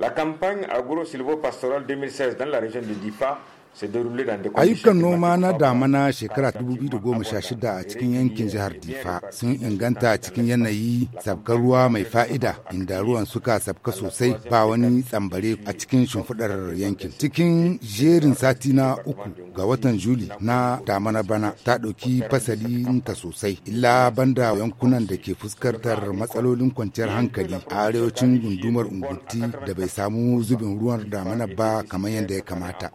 La campagne agro Pastoral 2016 dans la région de Dipa ayyukan noma na damana shekara 2016 a cikin yankin jihar difa sun inganta a cikin yanayi sabkar ruwa mai fa'ida inda ruwan suka sabka sosai ba wani tsambare a cikin shimfiɗar yankin cikin jerin sati na uku ga watan juli na damana bana ta ɗauki fasalin ta sosai illa banda yankunan da ke fuskantar matsalolin kwanciyar eh, hankali a arewacin gundumar unguti da bai samu zubin ruwan damana ba kamar yadda ya kamata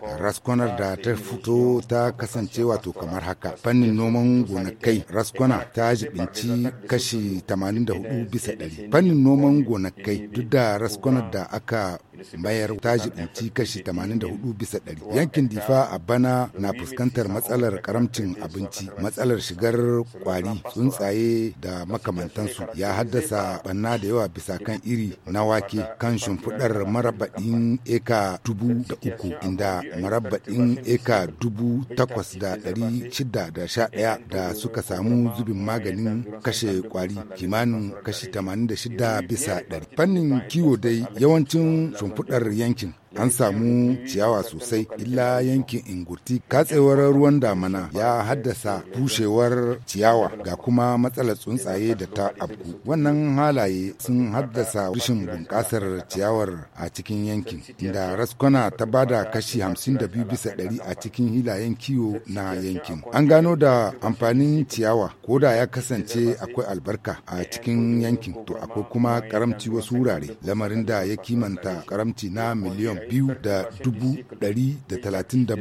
maganar da ta fito ta kasance wato kamar haka fannin noman gonakai raskwana ta jibinci kashi 84 bisa ɗari fannin noman gonakai duk da raskwana da aka bayar ta jibinci kashi 84 bisa ɗari. Yankin Difa a bana na fuskantar matsalar karamcin abinci, matsalar shigar kwari, tsuntsaye da makamantansu ya haddasa banna da yawa bisa kan iri na wake kan shimfiɗar marabaɗin eka dubu da uku inda marabaɗin eka dubu takwas da ɗari shida da sha ɗaya da suka samu zubin maganin kashe kwari kimanin kashi 86 bisa ɗari. Fannin kiwo dai yawancin shimfiɗar yankin an samu ciyawa sosai illa yankin ingurti katsewar ruwan damana ya haddasa bushewar ciyawa ga kuma matsalar tsuntsaye da ta abu. wannan halaye sun haddasa rashin bunƙasar ciyawar a cikin yankin inda raskwana ta bada kashi 52 bisa 100 a cikin hilayen kiwo na yankin an gano da amfanin ciyawa ko da ya kasance akwai albarka a cikin yankin to akwai kuma karamci wasu wurare lamarin da ya kimanta karamci na miliyan biyu da dubu ɗari da talatin da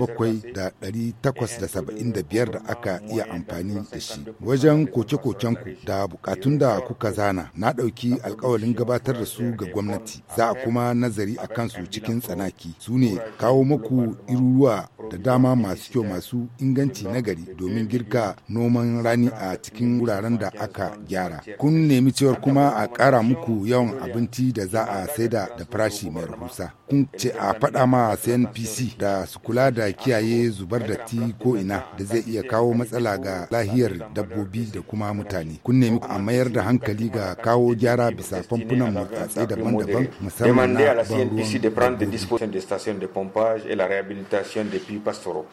saba'in da biyar da aka iya amfani da shi wajen koke-kokenku da bukatun da kuka zana na ɗauki alkawalin gabatar da su ga gwamnati za a kuma nazari a kansu cikin tsanaki su ne kawo muku iruruwa da dama masu kyau masu inganci na gari domin girka noman rani a cikin wuraren da aka gyara. Kun nemi cewar kuma a kara muku yawan abinci da za a saida da farashi mai rahusa. Kun ce a faɗa ma CNPC da su kula da kiyaye zubar da ti ko ina da zai iya kawo matsala ga lahiyar dabbobi da kuma mutane. Kun nemi a mayar da hankali ga kawo gyara bisa fanfunan murtatse daban-daban musamman na ban ruwan dabbobi. и пастору.